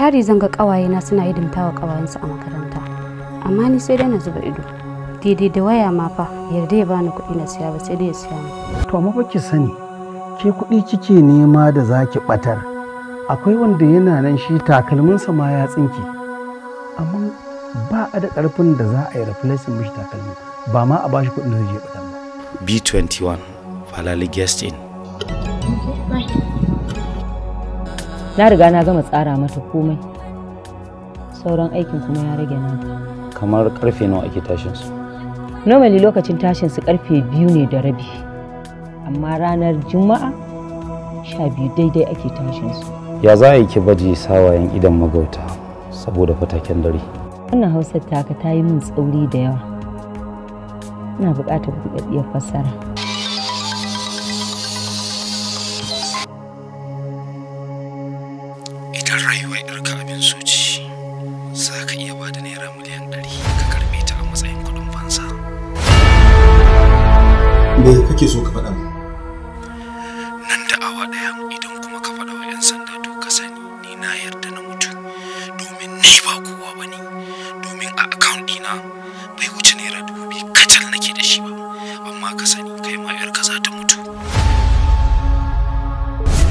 tari zanga na suna yi kawayen su a makaranta amma ni sai dai na zuba ido daidai da waya ma fa yarda ya bani kuɗi na siya ba sai dai ya siya ni. to amma ba ki sani ke kuɗi kike nema da zaki batar akwai wanda yana nan shi takalminsa ma ya tsinki amma ba a da ƙarfin da za a yi replacing mishi takalmi ba ma a bashi kuɗin da zai je batar ba B21 Falali Guest in. na riga na gama tsara mata komai sauran aikin kuma ya rage nan kamar karfe nawa ake tashin su normally lokacin tashin su karfe biyu ne da rabi amma ranar juma'a sha biyu daidai ake tashin su ya za a yi ki baje sawayen idan magauta saboda fataken dare wannan hausar taka ta yi min tsauri da yawa ina buƙatar buɗaɗɗiyar fassara rayuwa yarka abin soci za ka iya ba da naira miliyan ɗari ka karɓe ta a matsayin kuɗin fansa me kake so ka faɗa nan da awa ɗaya idan kuma ka faɗa wa 'yan sanda to ka sani ni na yarda na mutu domin ni ba kowa ba ne domin a akaunt ɗina bai wuce naira dubu biyu kacal nake da shi ba amma ka sani kai ma 'yarka